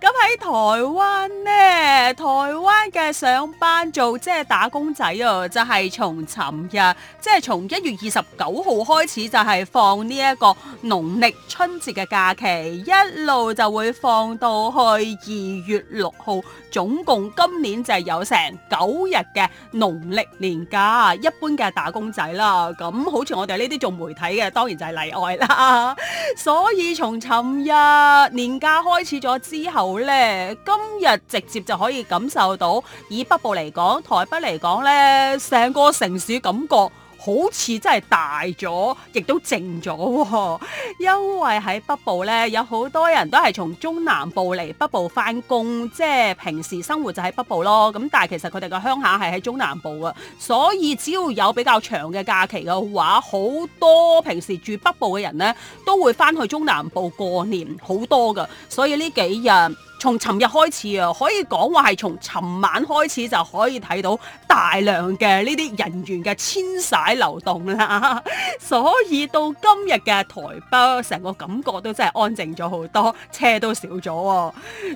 咁喺台灣呢，台灣嘅上班做即係打工仔啊，就係從尋日，即係從一月二十九號開始就係放呢一個農曆春節嘅假期，一路就會放到去二月六號，總共今年就係有成九日嘅農曆年假。一般嘅打工仔啦，咁好似我哋呢啲做媒體嘅，當然就係例外啦。所以從尋日年假開始咗。之後呢，今日直接就可以感受到，以北部嚟講，台北嚟講呢，成個城市感覺好似真係大咗，亦都靜咗、哦。因為喺北部呢，有好多人都係從中南部嚟北部翻工，即係平時生活就喺北部咯。咁但係其實佢哋個鄉下係喺中南部嘅，所以只要有比較長嘅假期嘅話，好多平時住北部嘅人呢，都會翻去中南部過年，好多㗎。所以呢幾日，從尋日開始啊，可以講話係從尋晚開始就可以睇到大量嘅呢啲人員嘅遷徙流動啦。 所以到今日嘅台北，成個感覺都真係安靜咗好多，車都少咗喎。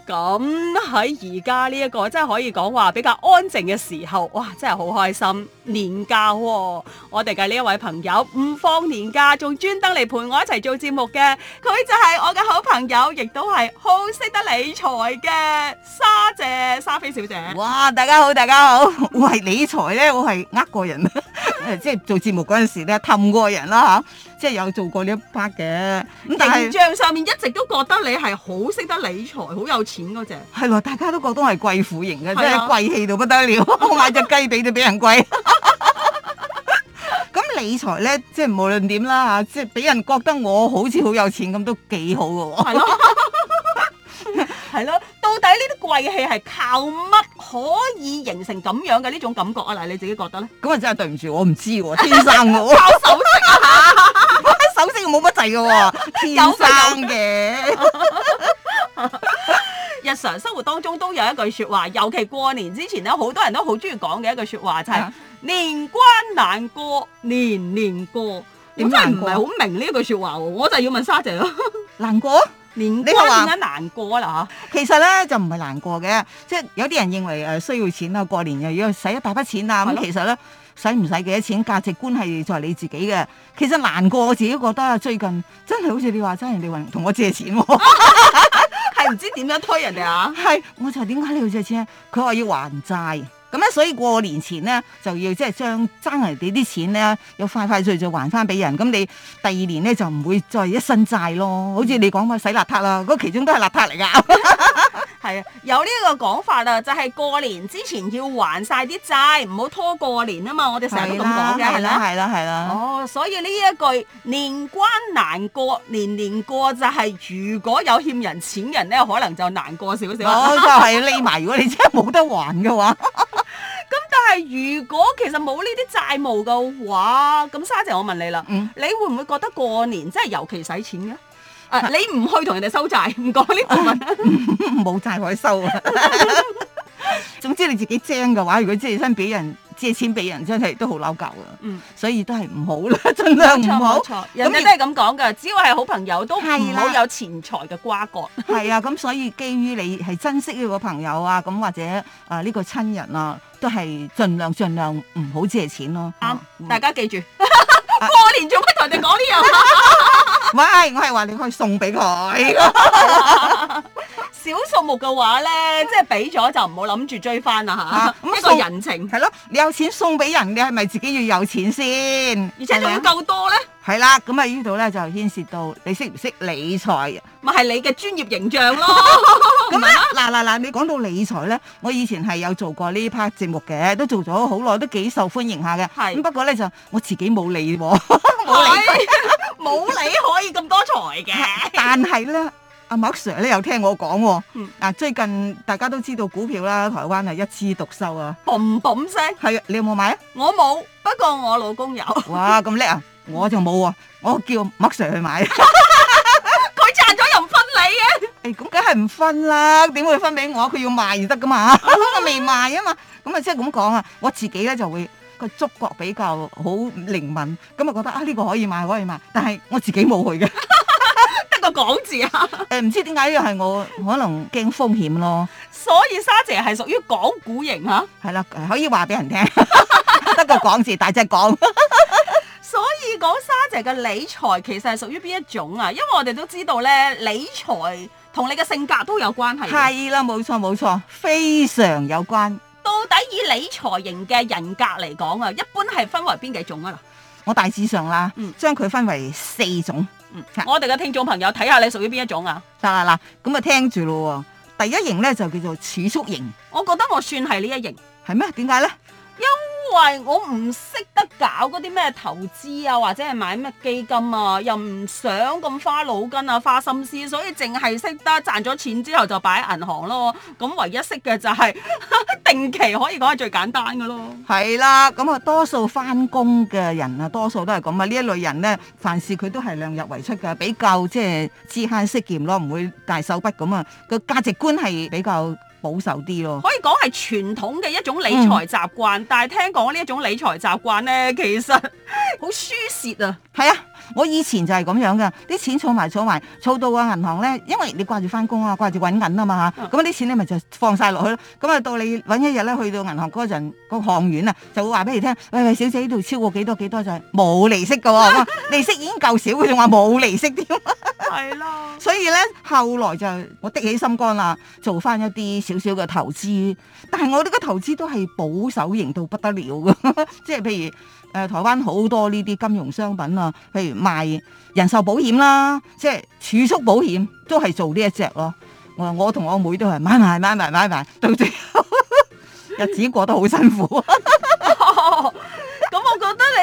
咁喺而家呢一個真係可以講話比較安靜嘅時候，哇，真係好開心。年假喎、哦！我哋嘅呢一位朋友唔放年假，仲專登嚟陪我一齊做節目嘅，佢就係我嘅好朋友，亦都係好識得理財。嘅沙姐沙菲小姐，哇！大家好，大家好。我係理財咧，我係呃過人，即係 做節目嗰陣時咧氹過人啦吓、啊，即係有做過呢一 part 嘅。咁形象上面一直都覺得你係好識得理財，好有錢嗰隻。係咯，大家都覺得係貴婦型嘅，即係貴氣到不得了。我買隻雞髀都比人貴。咁理財咧，即係無論點啦吓，即係俾人覺得我好似好有錢咁，都幾好嘅。係咯。係咯，到底呢啲貴氣係靠乜可以形成咁樣嘅呢種感覺啊？嗱，你自己覺得咧？咁啊，真係對唔住，我唔知喎、啊，天生嘅、啊， 靠首飾啊，首飾冇乜滯嘅喎，天生嘅。 日常生活當中都有一句説話，尤其過年之前咧，好多人都好中意講嘅一句説話就係、是、年關難過年年過，過我真係唔係好明呢句説話喎，我就要問沙姐咯，難過。年你話點解難過啊啦吓，其實咧就唔係難過嘅，即係有啲人認為誒需要錢啊，過年又要使一大筆錢啊，咁的其實咧使唔使幾多錢，價值觀係在你自己嘅。其實難過，我自己覺得啊最近真係好似你話齋，人哋同我借錢，係唔知點樣拖人哋啊。係，我就係點解你要借錢咧？佢話要還債。咁咧，所以過年前咧就要即係將爭人哋啲錢咧，要快快脆脆還翻俾人。咁你第二年咧就唔會再一身債咯。好似你講話洗邋遢啦，嗰、那個、其中都係邋遢嚟㗎。係 啊，有呢個講法啦，就係、是、過年之前要還晒啲債，唔好拖過年啊嘛。我哋成日都咁講嘅，係啦係啦係啦。哦，所以呢一句年關難過，年年過就係、是、如果有欠人錢人咧，可能就難過少少。我、 哦、就係匿埋，如果你真係冇得還嘅話。 如果其實冇呢啲債務嘅話，咁沙姐，我問你啦，嗯、你會唔會覺得過年真係尤其使錢嘅、啊啊？你唔去同人哋收債，唔講呢部分，冇債可以收啊。 總之你自己精嘅話，如果借起身俾人借錢俾人，真係都好扭教啊。嗯，所以都係唔好啦，盡量唔好。冇錯，冇錯。咁都係咁講噶，只要係好朋友都唔好有錢財嘅瓜葛。係啊，咁所以基於你係珍惜呢個朋友啊，咁或者啊呢個親人啊，都係盡量盡量唔好借錢咯。啱、啊，大家記住，過年做乜同人哋講呢樣？喂、 哎，我係話你可以送俾佢。 小數目嘅話咧，即係俾咗就唔好諗住追翻啦嚇，呢送、啊嗯、人情係咯。你有錢送俾人嘅，係咪自己要有錢先？而且仲要夠多咧。係啦，咁啊呢度咧就牽涉到你識唔識理財。咪係你嘅專業形象咯。咁咧 吧，嗱嗱嗱，你講到理財咧，我以前係有做過呢 part 節目嘅，都做咗好耐，都幾受歡迎下嘅。係是。咁、嗯、不過咧就我自己冇理喎、哦，冇 理，冇嗎 理可以咁多財嘅。 但係咧。阿麥 Sir 咧又聽我講喎。嗱，最近大家都知道股票啦，台灣係一枝獨秀啊，boom boom 聲。係啊，你有冇買啊？我冇，不過我老公有。哇，咁叻啊！我就冇喎，我叫麥 Sir 去買啊，佢賺咗又唔分你嘅？誒，咁梗係唔分啦，點會分俾我？佢要賣先得噶嘛，我未賣啊嘛。咁啊即係咁講啊，我自己咧就會個觸覺比較好靈敏，咁啊覺得啊呢個可以買可以買，但係我自己冇去嘅。個講字啊！誒、呃，唔知點解呢？係我可能驚風險咯。所以沙姐係屬於講股型啊？係啦，可以話俾人聽，得個講字，大隻講。 所以講沙姐嘅理財其實係屬於邊一種啊？因為我哋都知道咧，理財同你嘅性格都有關係。係啦，冇錯冇錯，非常有關。到底以理財型嘅人格嚟講啊，一般係分為邊幾種啊？嗱，我大致上啦，嗯，將佢分為四種。我哋嘅聽眾朋友，睇下你屬於邊一種啊？得啦嗱，咁啊聽住咯。第一型咧就叫做儲蓄型，我覺得我算係呢一型，係咩？點解咧？因我唔識得搞嗰啲咩投資啊，或者係買咩基金啊，又唔想咁花腦筋啊、花心思，所以淨係識得賺咗錢之後就擺喺銀行咯。咁唯一識嘅就係、是、 定期，可以講係最簡單嘅咯。係啦，咁啊多數返工嘅人啊，多數都係咁啊。呢一類人呢，凡事佢都係量入為出嘅，比較即係知慳識儉咯，唔會大手筆咁啊。個價值觀係比較保守啲咯，可以講係傳統嘅一種理財習慣，嗯、但係聽講呢一種理財習慣咧，其實好輸蝕啊，係啊。我以前就係咁樣嘅，啲錢儲埋儲埋，儲到個銀行咧，因為你掛住翻工啊，掛住揾銀啊嘛嚇，咁啲、嗯、錢你咪就放晒落去咯。咁啊到你揾一日咧，去到銀行嗰陣，個行員啊就會話俾你聽，喂、哎、喂、哎，小姐，呢度超過幾多幾多就係冇利息嘅喎， 利息已經夠少，佢仲話冇利息添。係 啦的，所以咧後來就我滴起心肝啦，做翻一啲少少嘅投資，但係我哋個投資都係保守型到不得了嘅，即 係譬如。誒、呃，台灣好多呢啲金融商品啊，譬如賣人壽保險啦、啊，即係儲蓄保險，都係做呢一隻咯、啊。我我同我妹都係買埋買埋買埋，到最後 日子過得好辛苦。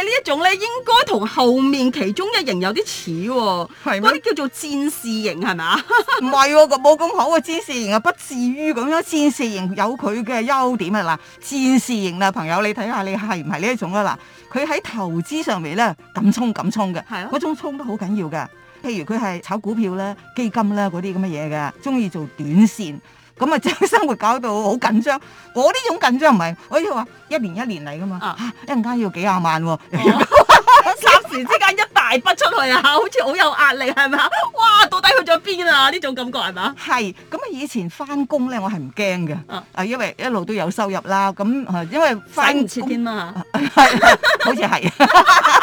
呢一種咧，應該同後面其中一型有啲似喎，嗰啲叫做戰士型係咪？唔係，個冇咁好嘅戰士型，啊，不至於咁樣。戰士型有佢嘅優點啊！嗱，戰士型啊，朋友，你睇下你係唔係呢一種啊？嗱，佢喺投資上面咧，敢衝敢衝嘅，嗰種衝得好緊要嘅。譬如佢係炒股票啦、基金啦嗰啲咁嘅嘢嘅，中意做短線。咁啊，將生活搞到好緊張。我呢種緊張唔係，我以話一年一年嚟噶嘛？一陣間要幾廿萬喎、啊，霎、哦啊、時之間一大筆出去啊，好似好有壓力係咪？哇，到底去咗邊啊？呢種感覺係嘛？係咁啊，以前翻工咧，我係唔驚嘅。啊，啊，因為一路都有收入啦。咁、啊、因為使唔切添啊。好似係。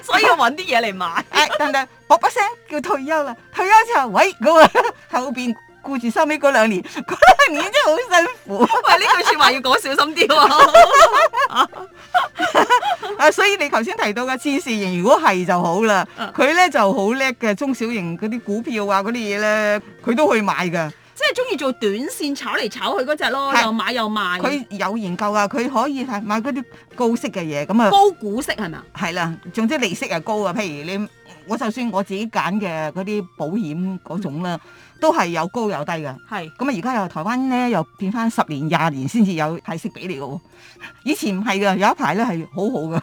所以要揾啲嘢嚟買，啊、但係卜卜聲叫退休啦。退休，退休之後，喂，咁啊後邊。後面顧住收尾嗰兩年，嗰兩年真係好辛苦。 喂，呢句説話要講 小心啲喎。啊，所以你頭先提到嘅戰士型，如果係就好啦。佢咧、啊、就好叻嘅中小型嗰啲股票啊，嗰啲嘢咧，佢都會買嘅。即係中意做短線炒嚟炒去嗰隻咯，是又買又賣。佢有研究啊，佢可以係買嗰啲高息嘅嘢咁啊，高股息係咪？係啦，總之利息係高啊。譬如你我就算我自己揀嘅嗰啲保險嗰種啦。 都係有高有低嘅，係咁啊！而家又台灣咧又變翻十年廿年先至有派息俾你嘅喎，以前唔係嘅，有一排咧係好好嘅。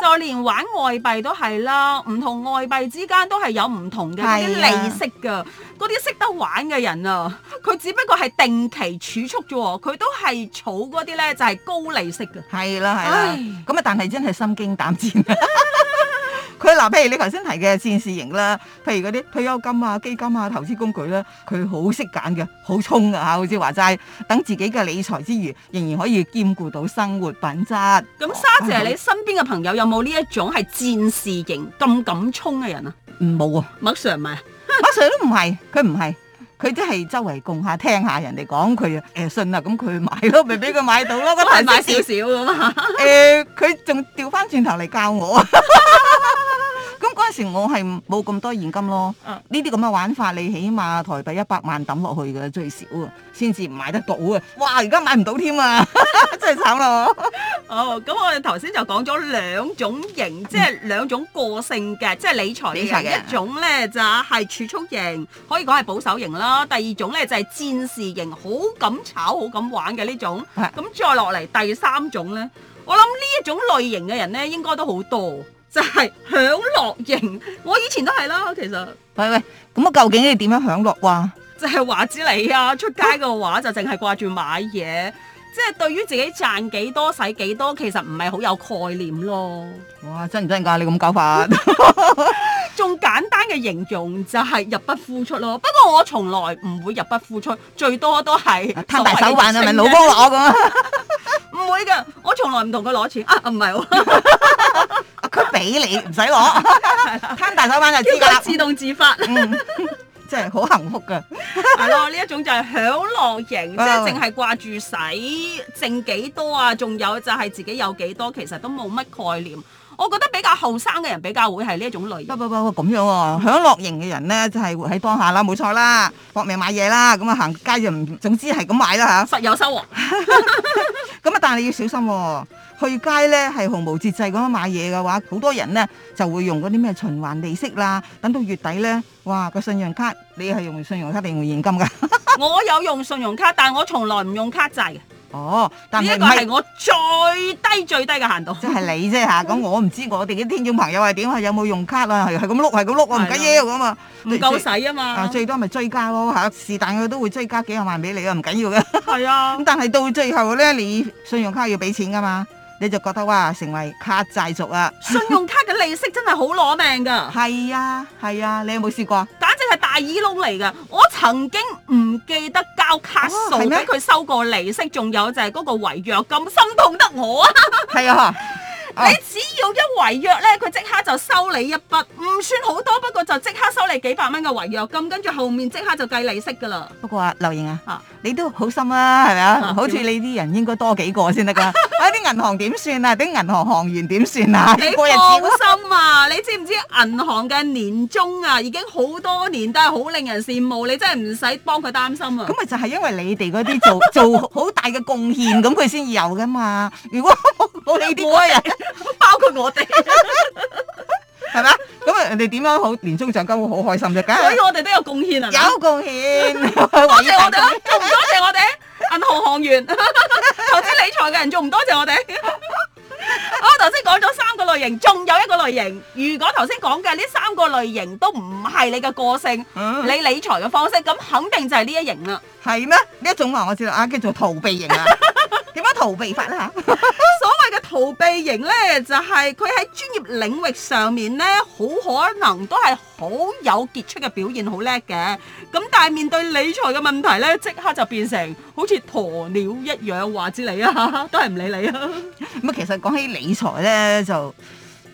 就連玩外幣都係啦，唔同外幣之間都係有唔同嘅、啊、利息噶，嗰啲識得玩嘅人啊，佢只不過係定期儲蓄啫，佢都係儲嗰啲咧就係、是、高利息嘅。係啦係啦，咁啊唉但係真係心驚膽戰。佢嗱，譬如你頭先提嘅戰士型啦，譬如嗰啲退休金啊、基金啊、投資工具咧，佢好識揀嘅，好衝噶吓，好似話齋，等自己嘅理財之余，仍然可以兼顧到生活品質。咁沙姐，哎、呦你身邊嘅朋友有？有冇呢一種係戰士型咁敢衝嘅人啊？唔冇啊，Mark Sir 唔係 Mark Sir 都唔係，佢唔係，佢即係周圍共下聽下人哋講佢啊，誒信啊，咁佢買咯，咪俾佢買到咯，咁係 是 買少少啊嘛，誒、 呃，佢仲調翻轉頭嚟教我。 咁嗰陣時，我係冇咁多現金咯。呢啲咁嘅玩法，你起碼台幣一百萬抌落去嘅最少，先至買得到嘅。哇！而家買唔到添啊， 真係慘咯。哦，咁我哋頭先就講咗兩種型， 即係兩種個性嘅，即係理財理財嘅一種咧，就係、是、儲蓄型，可以講係保守型啦。第二種咧就係、是、戰士型，好敢炒，好敢玩嘅呢種。咁的再落嚟第三種咧，我諗呢一種類型嘅人咧，應該都好多。就係享樂型，我以前都係啦，其實。喂喂，咁啊，究竟你點樣享樂啊？就係話之你啊，出街嘅話就淨係掛住買嘢，哦、即係對於自己賺幾多使幾多，其實唔係好有概念咯。哇，真唔真㗎、啊？你咁搞法？仲 簡單嘅形容就係入不敷出咯。不過我從來唔會入不敷出，最多都係攤、啊、大手板啊！係咪？老公攞我唔會㗎，我從來唔同佢攞錢啊，唔係喎。 佢俾你唔使攞，攤 了大手板就知㗎啦。自動自發，即係好幸福㗎。係 咯，呢一種就係享樂型，即係淨係掛住使，剩幾多啊？仲有就係自己有幾多，其實都冇乜概念。我覺得比較後生嘅人比較會係呢一種類型。不不不，咁樣喎、啊，享樂型嘅人咧，就係、是、活喺當下啦，冇錯啦，搏命買嘢啦，咁啊行街又唔，總之係咁買啦嚇，實有收穫。咁啊，但係你要小心喎、啊，去街咧係毫無節制咁樣買嘢嘅話，好多人咧就會用嗰啲咩循環利息啦，等到月底咧，哇，個信用卡，你係用信用卡定用現金㗎？ 我有用信用卡，但我從來唔用卡債。哦，但係唔係呢個係我最低最低嘅限度，即係你啫嚇、啊。咁 我唔知我哋啲聽眾朋友係點，係有冇用卡啊？係係咁碌，係咁碌，唔緊、啊、要啊嘛，唔夠使啊嘛。最多咪追加咯嚇，是但佢都會追加幾廿萬俾你啊，唔緊要嘅。係 啊，咁但係到最後咧，你信用卡要俾錢㗎嘛。你就覺得哇，成為卡債族喇！信用卡嘅利息真係好攞命噶，係 啊係啊，你有冇試過？簡直係大耳窿嚟噶！我曾經唔記得交卡數，哦，俾佢收過利息，仲有就係嗰個違約，咁心痛得我 啊！係啊。你只要一違約咧，佢即刻就收你一筆，唔算好多，不過就即刻收你幾百蚊嘅違約金，跟住後面即刻就計利息噶啦。不過啊，劉瑩啊，啊你都好心啦，係咪啊？啊好似你啲人應該多幾個先得㗎。 啊啲銀行點算啊？啲銀行行員點算啊？你個人善心啊！ 你知唔知銀行嘅年終啊，已經好多年都係好令人羨慕。你真係唔使幫佢擔心啊。咁咪就係因為你哋嗰啲做 做好大嘅貢獻，咁佢先有噶嘛？如果 保你啲嘅人，包括我哋，係嘛？咁啊，人哋點樣好年終獎金會好開心啫，梗係。所以我哋都有貢獻啊，有貢獻。多謝我哋，仲唔多謝我哋？銀行行員、投資理財嘅人，仲唔多謝我哋？我頭先講咗三個類型，仲有一個類型。如果頭先講嘅呢三個類型都唔係你嘅個性，你理財嘅方式，咁肯定就係呢一型啦。係咩？呢一種話，我知道啊，叫做逃避型啊。點樣逃避法啦？ 所謂嘅逃避型咧，就係佢喺專業領域上面咧，好可能都係好有傑出嘅表現，好叻嘅。咁但係面對理財嘅問題咧，即刻就變成好似鴕鳥一樣話之啊你啊，都係唔理你啊。咁啊，其實講起理財咧就。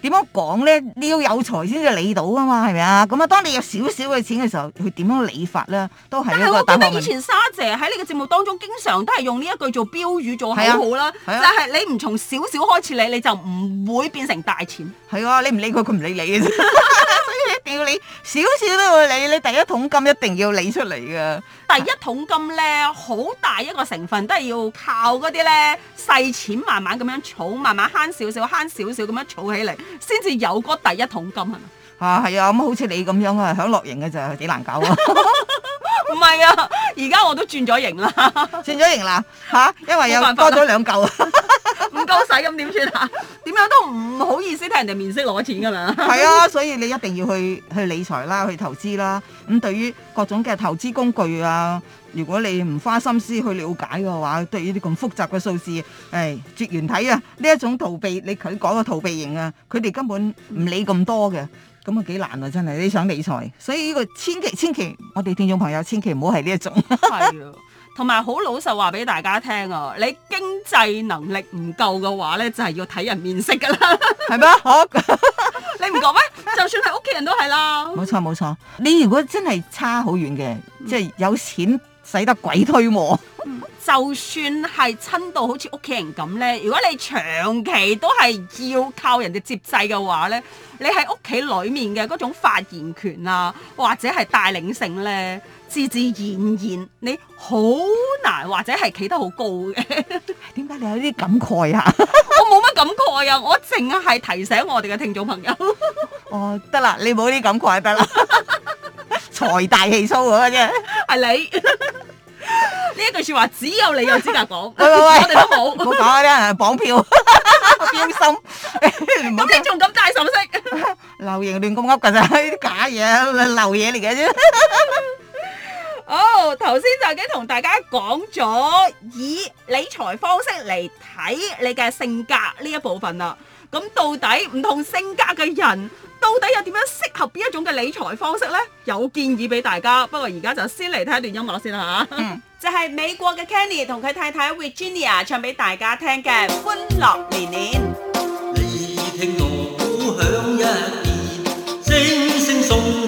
點樣講呢？你要有財先至理到啊嘛，係咪啊？咁啊，當你有少少嘅錢嘅時候，佢點樣理法呢？都係一個大問題。我覺得以前沙姐喺呢個節目當中，經常都係用呢一句做標語，做好好啦。啊啊、就係你唔從少少開始理，你就唔會變成大錢。係啊，你唔理佢，佢唔理你。嘅。 你一定要理，少少都要理，你第一桶金一定要理出嚟㗎。第一桶金咧，好大一個成分都係要靠嗰啲咧細錢慢慢咁樣儲，慢慢慳少少慳少少咁樣儲起嚟，先至有個第一桶金，係嘛？啊，係啊，咁、嗯、好似你咁樣營 啊，享樂型嘅就幾難搞啊！唔係啊，而家我都轉咗型啦， 轉咗型啦嚇，因為有多咗兩嚿，唔 夠使咁點算嚇？點樣， 樣都唔好意思睇人哋面色攞錢噶啦，係 啊，所以你一定要去去理財啦，去投資啦。咁對於各種嘅投資工具啊，如果你唔花心思去了解嘅話，對於啲咁複雜嘅數字，誒、哎、絕緣體啊，呢一種逃避，你佢講嘅逃避型啊，佢哋根本唔理咁多嘅。咁啊，幾難啊！真係，你想理財，所以呢個千祈千祈，我哋聽眾朋友千祈唔好係呢一種。係 啊，同埋好老實話俾大家聽啊，你經濟能力唔夠嘅話咧，就係、是、要睇人面色㗎啦，係 咪？好， 你唔講咩？ 就算係屋企人都係啦。冇錯冇錯，你如果真係差好遠嘅，即係、嗯、有錢。使得鬼推磨， 就算係親到好似屋企人咁咧，如果你長期都係要靠人哋接濟嘅話咧，你喺屋企裏面嘅嗰種發言權啊，或者係帶領性咧，自自然然你好難，或者係企得好高嘅。點 解你有啲感、啊、 感慨啊？我冇乜感慨啊，我淨係提醒我哋嘅聽眾朋友。 哦，得啦，你冇啲感慨得啦。 財大氣粗嗰個啫，係你呢一句說話只有你有資格講，喂，喂，喂，我哋都冇，冇講啊！啲人綁票，驚心，唔好聽，仲咁大仇色，留言亂咁噏噶咋。啲假嘢，流嘢嚟嘅啫。哦，頭先就已經同大家講咗以理財方式嚟睇你嘅性格呢一部分啦。咁到底唔同性格嘅人，到底有點樣適合邊一種嘅理財方式咧？有建議俾大家，不過而家就先嚟聽一段音樂先啦吓、嗯， 就係美國嘅 Kenny 同佢太太 Virginia 唱俾大家聽嘅《歡樂年年》。 你聽鑼鼓響一遍，聲聲送。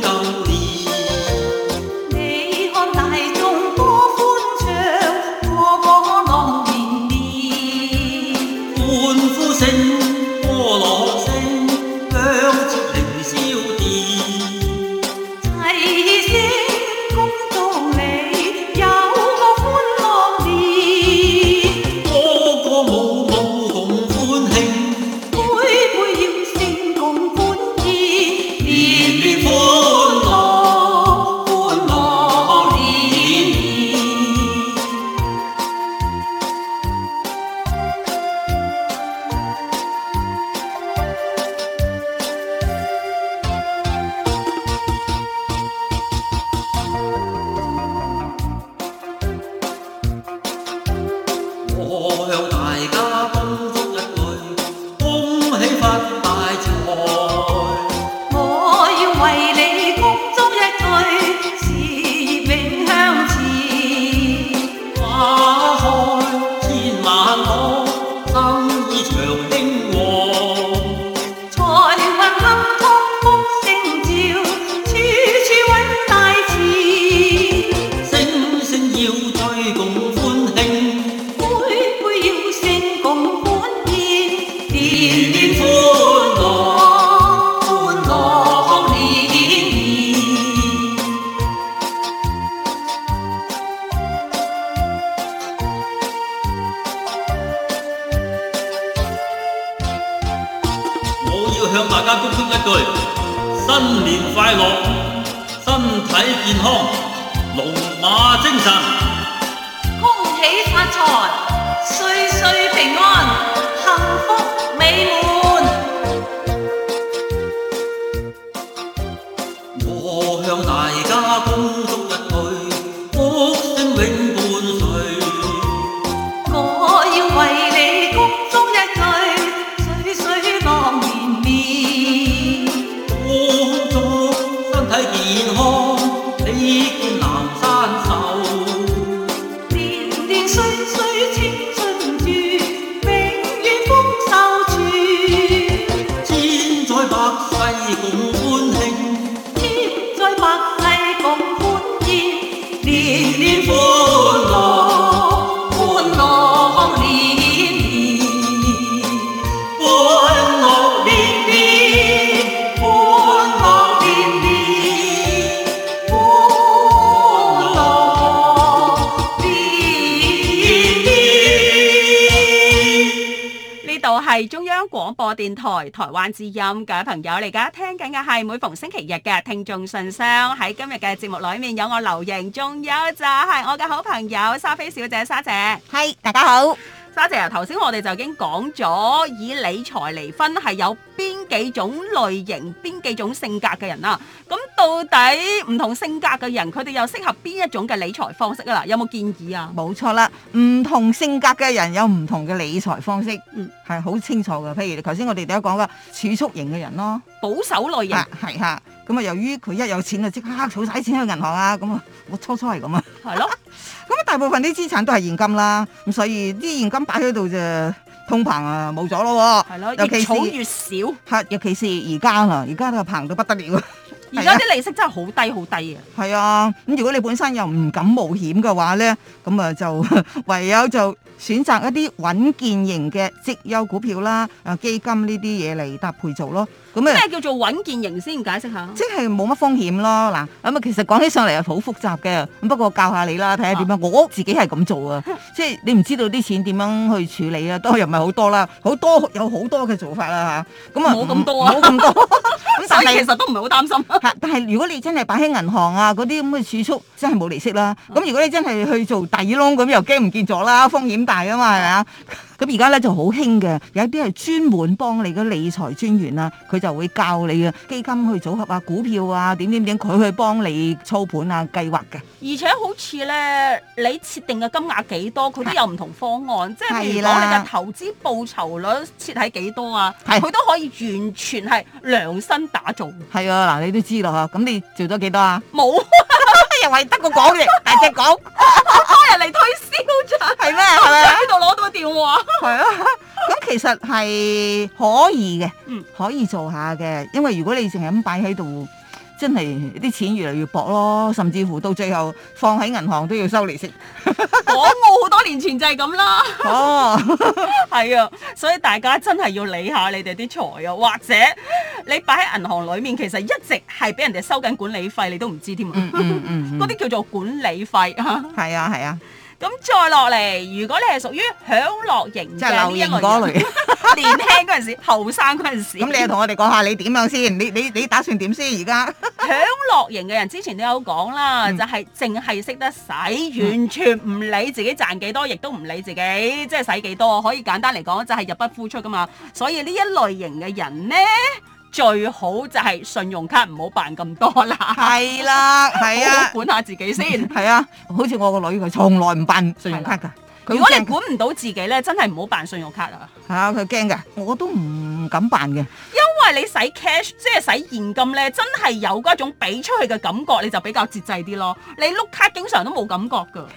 廣播電台台灣之音，各位朋友，而家聽緊嘅係每逢星期日嘅聽眾信箱。喺今日嘅節目裏面，有我留言，仲有就係我嘅好朋友沙菲小姐。沙姐。係，大家好。沙姐啊，頭先我哋就已經講咗以理財嚟分係有邊幾種類型、邊幾種性格嘅人啦、啊。咁到底唔同性格嘅人，佢哋又適合邊一種嘅理財方式啊？啦，有冇建議啊？冇錯啦，唔同性格嘅人有唔同嘅理財方式，嗯，係好清楚嘅。譬如頭先我哋第一講嘅儲蓄型嘅人咯，保守類型啊，係。咁啊，由於佢一有錢就即刻儲晒錢去銀行啊，咁啊，我初初係咁啊，係咯的。咁啊，大部分啲資產都係現金啦，咁所以啲現金擺喺度就通膨啊，冇咗咯。係咯的，尤其越儲越少。係，尤其是而家啦，而家都係膨到不得了。而家啲利息真係好低，好低啊。係啊， 咁如果你本身又唔敢冒險嘅話咧，咁啊就 唯有就選擇一啲穩健型嘅績優股票啦，啊基金呢啲嘢，嚟搭配做咯。咁咩？嗯、叫做穩健型先，解釋下。即係冇乜風險咯。嗱，咁啊，其實講起上嚟啊，好複雜嘅。咁不過教下你啦，睇下點樣。我自己係咁做啊，即係你唔知道啲錢點樣去處理啊，都又唔係好多啦，好多有好多嘅做法啦吓。咁啊，冇、嗯、咁多、啊、 多，冇咁多。咁但係其實都唔係好擔心。 但係如果你真係擺喺銀行啊，嗰啲咁嘅儲蓄真係冇利息啦。咁如果你真係去做大耳窿咁，又驚唔見咗啦，風險大啊嘛，係咪啊？ 咁而家咧就好興嘅，有一啲係專門幫你嘅理財專員啊，佢就會教你啊基金去組合啊，股票啊點點點，佢去幫你操盤啊，計劃嘅。而且好似咧，你設定嘅金額幾多，佢都有唔同方案。哈即係譬如你嘅投資報酬率設喺幾多啊？係佢、啊、都可以完全係量身打造。係啊，嗱，你都知啦吓。咁你做咗幾多啊？冇， 又係得個講嘅，大隻講，哈哈 多人嚟推銷咋？係咩？係咪？喺度攞到個電話。係啊，咁 其實係可以嘅，可以做下嘅。因為如果你淨係咁擺喺度，真係啲錢越嚟越薄咯，甚至乎到最後放喺銀行都要收利息。港澳好多年前就係咁啦。哦，係啊，所以大家真係要理下你哋啲財啊，或者你擺喺銀行裏面，其實一直係俾人哋收緊管理費，你都唔知添啊。嗰啲、嗯嗯嗯嗯、 叫做管理費 啊。係啊係啊。咁再落嚟，如果你係屬於享樂型嘅呢一類人，年輕嗰陣時、後生嗰陣時，咁 你又同我哋講下你點樣先？你你你打算點先？而 家享樂型嘅人之前都有講啦，嗯、就係淨係識得使，完全唔理自己賺幾多，亦、嗯、都唔理自己即係使幾多，可以簡單嚟講就係入不敷出噶嘛。所以呢一類型嘅人呢。最好就係信用卡唔好辦咁多啦，係啦，好 好管下自己先。係啊，好似我個女佢從來唔辦信用卡㗎。的如果你管唔到自己咧，真係唔好辦信用卡啊。吓，佢驚㗎，我都唔敢辦嘅。因為你使 cash，即係使現金咧，真係有嗰種俾出去嘅感覺，你就比較節制啲咯。你碌卡經常都冇感覺噶。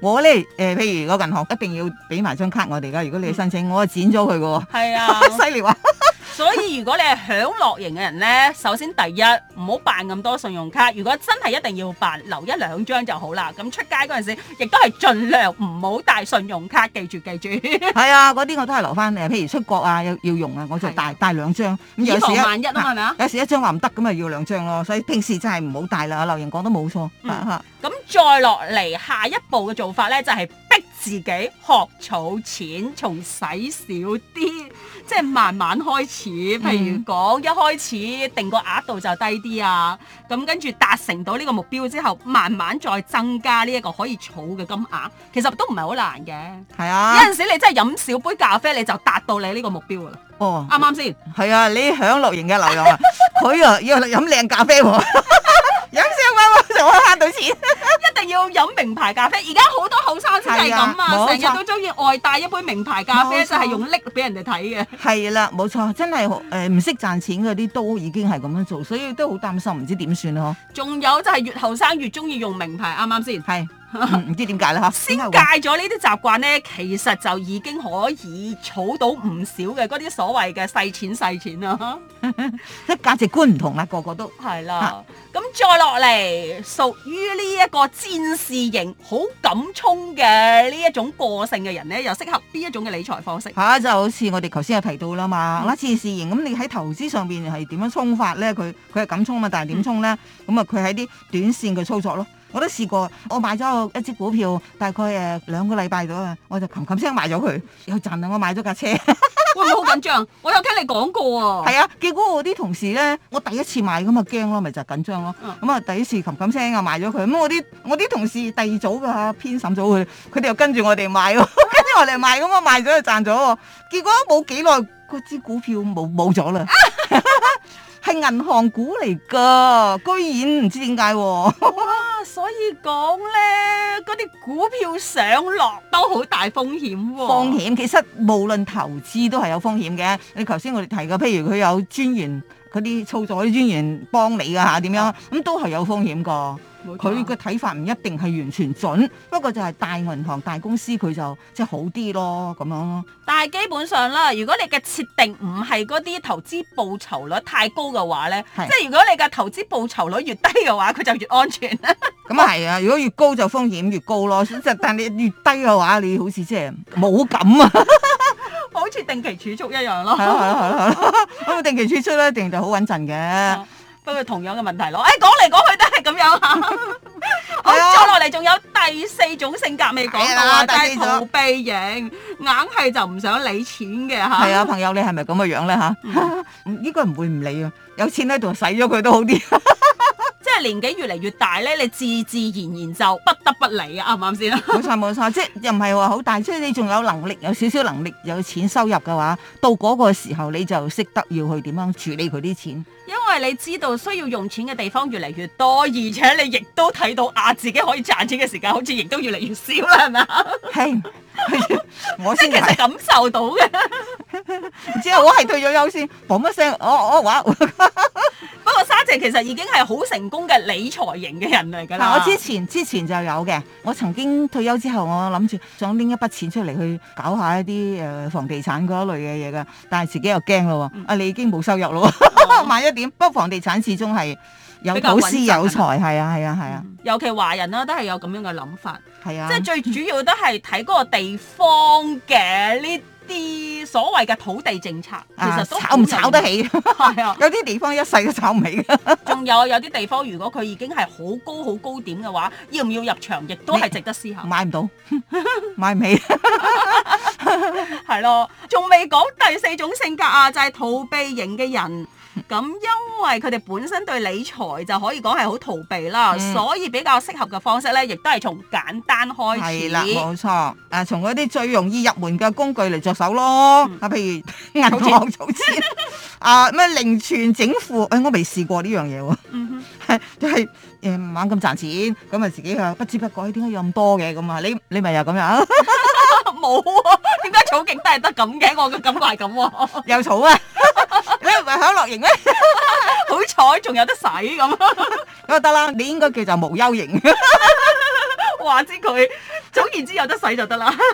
我咧誒、呃，譬如個銀行一定要俾埋張卡我哋噶，如果你申請，嗯、我就剪咗佢噶。係啊，犀利 了啊！ 所以如果你係享樂型嘅人咧，首先第一唔好辦咁多信用卡。如果真係一定要辦，留一兩張就好啦。咁出街嗰陣時，亦都係盡量唔好帶信用卡，記住記住。係啊，嗰啲我都係留翻誒，譬如出國啊，要要用啊，我就帶帶兩張。以防萬一咯，啊，係咪啊，啊？有時一張話唔得，咁咪要兩張咯。所以平時真係唔好帶啦。劉盈講得冇錯，嚇、嗯。咁、啊、再落嚟，下一步嘅做法咧，就係、是、逼。自己學儲錢，從使少啲，即係慢慢開始。譬如講，嗯、一開始定個額度就低啲啊，咁跟住達成到呢個目標之後，慢慢再增加呢一個可以儲嘅金額。其實都唔係好難嘅。係啊，有陣時你真係飲少杯咖啡，你就達到你呢個目標噶啦。哦，啱啱先？係啊，你享樂型嘅男人啊，佢啊要飲靚咖啡喎、啊。 我慳到錢， 一定要飲名牌咖啡。而家好多後生先係咁啊，成日錯都中意外帶一杯名牌咖啡，錯就係用拎、like、俾人哋睇嘅。係啦，冇錯，真係誒，唔識賺錢嗰啲都已經係咁樣做，所以都好擔心，唔知點算嗬。仲有就係越後生越中意用名牌，啱唔啱先試試？係。唔知點解啦吓， 先戒咗呢啲習慣咧，其實就已經可以儲到唔少嘅嗰啲所謂嘅細錢細錢啦。價 值觀唔同啦，個個都係啦。咁 再落嚟，屬於呢一個戰士型好敢衝嘅呢一種個性嘅人咧，又適合邊一種嘅理財方式？吓 就好似我哋頭先有提到啦嘛，戰士型咁你喺投資上邊係點樣衝法咧？佢佢係敢衝嘛，但係點衝咧？咁啊，佢喺啲短線嘅操作咯。我都試過，我買咗一支股票，大概誒兩、呃、個禮拜左右，我就琴琴聲賣咗佢，又賺到我買咗架車，喂 我好緊張，我有聽你講過啊，係啊，結果我啲同事咧，我第一次買咁啊驚咯，咪就緊張咯，咁啊、嗯嗯、第一次琴琴聲啊賣咗佢，咁我啲我啲同事第二組嘅啊編審咗佢，佢哋又跟住我哋買喎，啊、 跟住我哋買咁我賣咗就賺咗喎，結果冇幾耐嗰支股票冇冇咗啦。 係銀行股嚟噶，居然唔知點解喎！所以講咧，嗰啲股票上落都好大風險喎、哦。風險其實無論投資都係有風險嘅。你頭先我哋提過，譬如佢有專員，嗰啲操作啲專員幫你㗎吓，點樣咁、哦嗯、都係有風險㗎。佢嘅睇法唔一定係完全準，不過就係大銀行、大公司佢就即係好啲咯咁樣。但係基本上啦，如果你嘅設定唔係嗰啲投資報酬率太高嘅話咧，即係如果你嘅投資報酬率越低嘅話，佢就越安全啦。咁啊係啊，如果越高就風險越高咯。咁但係你越低嘅話，你好似即係冇咁啊，好似定期儲蓄一樣咯。係啊係啊，咁啊定期儲蓄咧一定就好穩陣嘅。不過同樣嘅問題咯。誒、哎，講嚟講去都係咁樣。好、 啊，再落嚟仲有第四種性格未講到啊，就係逃避型，硬係就唔想理錢嘅嚇。係啊，啊，朋友，你係咪咁嘅樣咧嚇？ 應該唔會唔理啊，有錢喺度使咗佢都好啲。 年紀越嚟越大呢，你自自然然就不得不理啊，啱唔啱先啦？冇錯冇錯，即係又唔係話好大，即係你仲有能力，有少少能力，有錢收入嘅話，到嗰個時候你就識得要去點樣處理佢啲錢。因為你知道需要用錢嘅地方越嚟越多，而且你亦都睇到啊，自己可以賺錢嘅時間好似亦都越嚟越少啦，係咪？係，我先係 感受到嘅。之 後 我係退咗休先，嘣一聲，我我話。我 其實已經係好成功嘅理財型嘅人嚟㗎啦。嗱，我之前之前就有嘅，我曾經退休之後，我諗住想拎一筆錢出嚟去搞下一啲誒、呃、房地產嗰類嘅嘢㗎，但係自己又驚咯喎。嗯、啊，你已經冇收入咯，哦、 慢一點。不過房地產始終係有保資有財，係啊係啊係啊、嗯。尤其華人啦、啊，都係有咁樣嘅諗法，係啊。即係最主要都係睇嗰個地方嘅呢。啲所謂嘅土地政策，其實、啊、炒唔炒得起？係啊，有啲地方一世都炒唔起。仲 有有啲地方，如果佢已經係好高好高點嘅話，要唔要入場，亦都係值得思考。買唔到，買唔起，係 咯。 仲未講第四種性格啊，就係逃避型嘅人。咁、嗯、因為佢哋本身對理財就可以講係好逃避啦，嗯、所以比較適合嘅方式咧，亦都係從簡單開始。啦，冇錯。誒、啊，從嗰啲最容易入門嘅工具嚟着手咯。啊、嗯，譬如銀行儲錢， 啊咩零存整付，誒、哎、我未試過呢樣嘢喎。嗯哼，就係誒猛咁賺錢，咁啊自己啊不知不覺，誒點解有咁多嘅咁啊？你你咪又咁樣 冇啊，點解儲極都係得咁嘅？我嘅感覺係咁喎，又儲啊，草啊 你唔係享樂型咩？ 好彩仲有得使咁，咁 就得啦，你應該叫做無憂型。 話知佢，總言之有得使就得啦。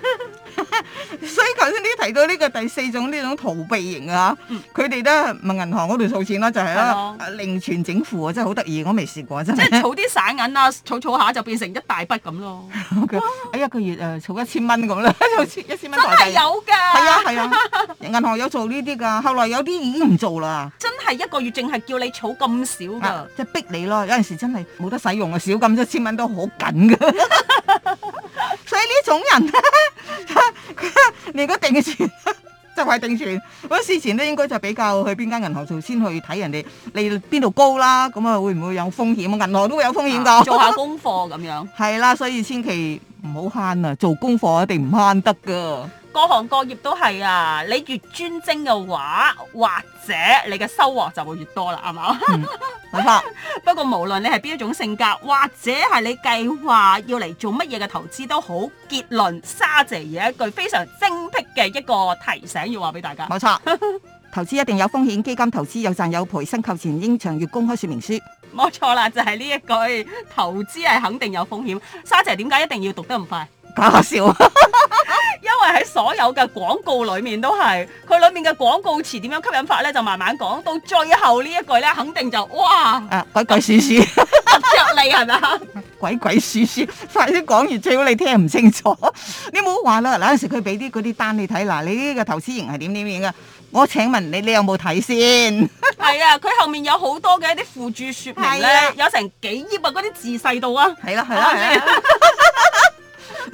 所以頭先你提到呢個第四種呢種逃避型、嗯就是、啊，佢哋咧咪銀行嗰度儲錢啦，就係啦，零存整付啊，真係好得意，我未試過真係。即係儲啲散銀啊，儲儲下就變成一大筆咁咯。喺 Okay. 哇一個月誒儲、呃、一千蚊咁啦，一千蚊台幣。真係有噶。係啊係啊，銀、啊、 行有做呢啲噶。後來有啲已經唔做啦。 真係一個月淨係叫你儲咁少噶。即係 逼你咯，有陣時真係冇得使用啊，少咁多千蚊都好緊噶。 種人， 你如果定存就係定存，事 前咧應該就比較去邊間銀行做，先去睇人哋利率邊度高啦，咁啊會唔會有風險啊？銀行都會有風險噶，啊、 做下功課咁樣。係啦，所以千祈唔好慳啊，做功課一定唔慳得噶。各行各業都係啊，你越專精嘅話，或者你嘅收穫就會越多啦，係嘛？冇啦、嗯，錯 不過無論你係邊一種性格，或者係你計劃要嚟做乜嘢嘅投資，都好。結論沙姐有一句非常精闢嘅一個提醒要話俾大家。冇錯，投資一定有風險，基金投資有賺有賠，申購前應詳閱公開說明書。冇錯啦，就係、是、呢一句，投資係肯定有風險。沙姐點解一定要讀得咁快？搞笑， 因為喺所有嘅廣告裏面都係佢裏面嘅廣告詞點樣吸引法咧，就慢慢講到最後呢一句咧，肯定就哇！啊，鬼鬼祟祟，着你係咪鬼鬼祟鼠祟， 快啲講完，最好你聽唔清楚。 你冇話啦，嗱陣時佢俾啲嗰啲單你睇，嗱你呢個投資型係點點樣嘅？我請問你，你有冇睇先？係 啊，佢後面有好多嘅一啲附註説明咧，啊、有成幾頁啊，嗰啲字細到啊，係啦係啦係。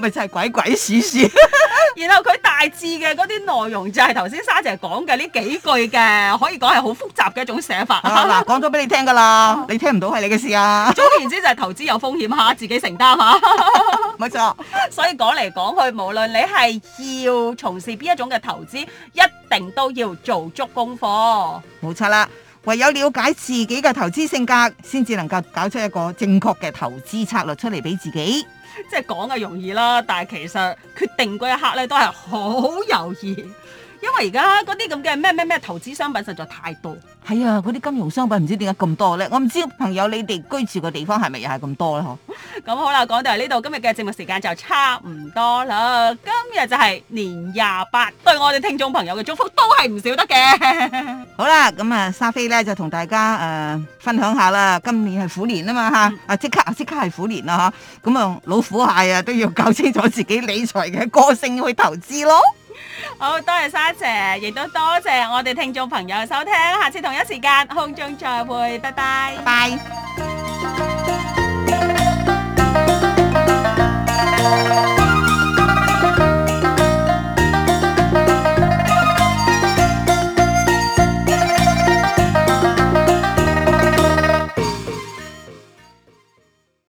咪就係鬼鬼祟祟， 然後佢大致嘅嗰啲內容就係頭先沙姐講嘅呢幾句嘅，可以講係好複雜嘅一種寫法。嗱，講咗俾你聽噶啦，你聽唔到係你嘅事啊。總言之就係投資有風險吓，自己承擔吓。冇 錯，所以講嚟講去，無論你係要從事邊一種嘅投資，一定都要做足功課。冇錯啦，唯有了解自己嘅投資性格，先至能夠搞出一個正確嘅投資策略出嚟俾自己。即係講就容易啦，但係其實決定嗰一刻呢，都係好猶豫。因為而家嗰啲咁嘅咩咩咩投資商品實在太多。係啊、哎，嗰啲金融商品唔知點解咁多呢。我唔知朋友你哋居住嘅地方係咪又係咁多咧？咁 好啦，講到呢度，今日嘅節目時間就差唔多啦。今日就係年廿八，對我哋聽眾朋友嘅祝福都係唔少得嘅。 好啦，咁、嗯、啊沙菲呢就同大家誒、呃、分享下啦。今年係虎年嘛、嗯、啊嘛吓，啊即刻啊即刻係虎年啦嗬。咁啊、嗯、老虎蟹啊都要搞清楚自己理財嘅個性去投資咯。好多謝沙姐，亦都多謝我哋聽眾朋友收聽，下次同一時間空中再會，拜拜。拜拜。